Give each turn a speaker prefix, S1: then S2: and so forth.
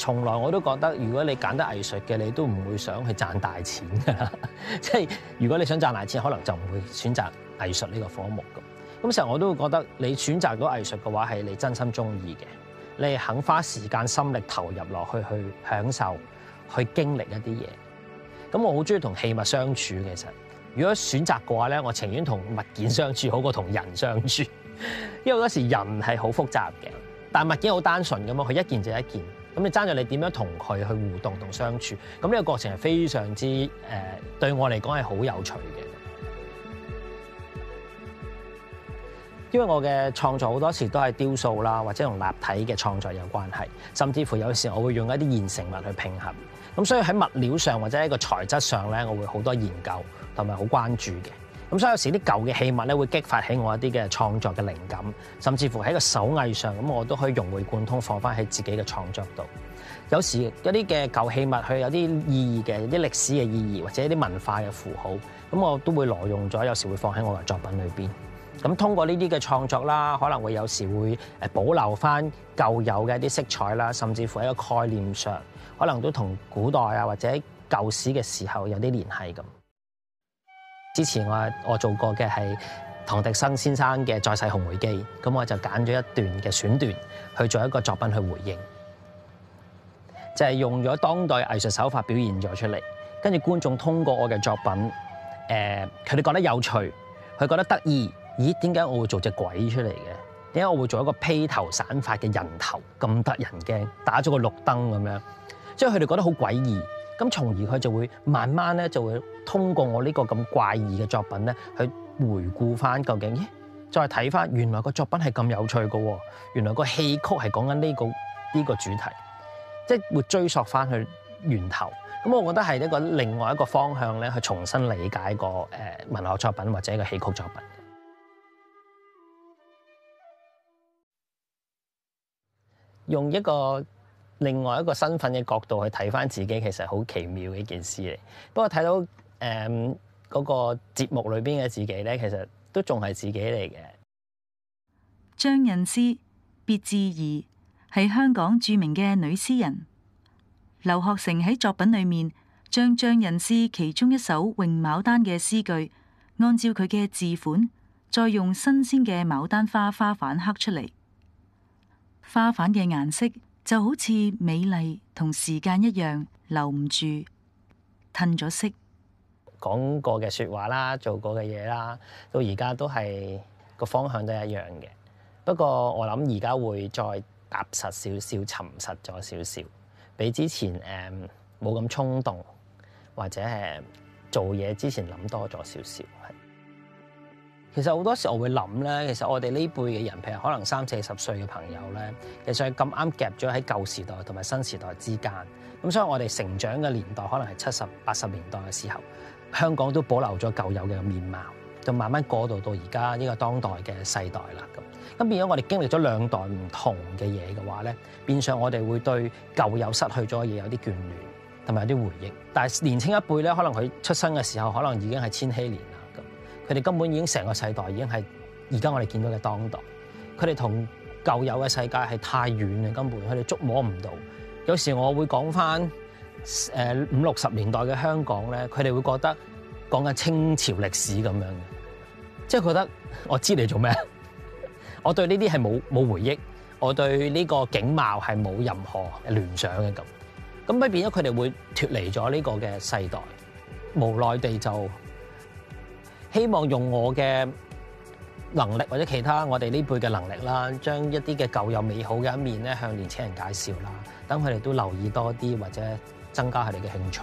S1: 從來我都覺得，如果你揀得藝術嘅，你都唔會想去賺大錢。 即係如果你想賺大錢，可能就唔會選擇藝術呢個科目咁。咁成日我都會覺得，你選擇到藝術嘅話，係你真心中意嘅，你肯花時間心力投入落去去享受、去經歷一啲嘢。咁我好中意同器物相處。其實，如果選擇嘅話咧，我情願同物件相處好過同人相處， 因為好多時人係好複雜嘅，但物件好單純，咁佢一件就一件。咁你爭住你點樣同佢去互動同相處，咁呢個過程係非常之誒、呃、對我嚟講係好有趣嘅。因為我嘅創作好多時都係雕塑啦，或者同立體嘅創作有關係，甚至乎有時我會用一啲現成物去拼合。咁所以喺物料上或者一個材質上咧，我會好多研究同埋好關注嘅。咁所以有時啲舊嘅器物咧，會激發起我一啲嘅創作嘅靈感，甚至乎喺個手藝上，咁我都可以融會貫通，放翻喺自己嘅創作度。有時一啲嘅舊器物，佢有啲意義嘅，一啲歷史嘅意義或者一啲文化嘅符號，咁我都會挪用咗。有時會放喺我嘅作品裏邊。咁通過呢啲嘅創作啦，可能會有時會誒保留翻舊有嘅一啲色彩啦，甚至乎喺個概念上，可能都同古代啊或者舊史嘅時候有啲聯繫咁。之前我我做過嘅係唐迪生先生嘅《再世紅梅記》，咁我就揀咗一段嘅選段去做一個作品去回應，就係用咗當代藝術手法表現咗出嚟。跟住觀眾通過我嘅作品，誒，佢哋覺得有趣，佢覺得得意。咦？點解我會做隻鬼出嚟嘅？點解我會做一個披頭散髮嘅人頭咁得人驚？打咗個綠燈咁樣，即係佢哋覺得好詭異。咁，從而佢就會慢慢咧，就會通過我呢個咁怪異嘅作品咧，去回顧翻究竟，咦，再睇翻原來個作品係咁有趣嘅喎。哦，原來戲、呢個戲曲係講緊呢個呢個主題，即係會追溯翻去源頭。咁我覺得係一個另外一個方向咧，去重新理解個誒文學作品或者一個戲曲作品，用一個。另外一個身份嘅角度去睇返自己，其實好奇妙嘅一件事嚟。不過睇到誒嗰、嗯那個節目裏邊嘅自己咧，其實都仲係自己嚟嘅。張仁詩別致怡係香港著名嘅女詩人。劉學成喺作品裏面將張仁詩其中一首《詠牡丹》嘅詩句，按照佢嘅字款，再用新鮮嘅牡丹花花瓣刻出嚟，花瓣嘅顏色。就好似美麗同時間一樣，留唔住，褪咗色。講過嘅說話啦，做過嘅嘢啦，到而家都係個方向都一樣嘅。不過我諗而家會再踏實少少，沉實咗少少，比之前誒冇咁衝動，或者係做嘢之前諗多咗少少。其實好多時候我會諗咧，其實我哋呢輩嘅人，譬如可能三四十歲嘅朋友咧，其實係咁啱夾咗喺舊時代同埋新時代之間。咁所以我哋成長嘅年代可能係七十八十年代嘅時候，香港都保留咗舊有嘅面貌，就慢慢過渡到而家呢個當代嘅世代啦。咁咁變咗我哋經歷咗兩代唔同嘅嘢嘅話咧，變相我哋會對舊有失去咗嘅嘢有啲眷戀，同埋有啲回憶。但係年輕一輩咧，可能佢出生嘅時候可能已經係千禧年。佢哋根本已經成個世代，已經係而家我哋見到嘅當代。佢哋同舊有嘅世界係太遠嘅，根本佢哋觸摸唔到。有時我會講翻誒，五六十年代嘅香港咧，佢哋會覺得講緊清朝歷史咁樣嘅，即係覺得我知你做咩？我對呢啲係冇冇回憶，我對呢個景貌係冇任何聯想嘅咁。咁咪變咗，佢哋會脫離咗呢個嘅世代，無奈地就希望用我嘅能力或者其他我哋呢輩嘅能力啦，將一啲嘅舊有美好嘅一面咧，向年青人介紹啦，等佢哋都留意多啲或者增加佢哋嘅興趣。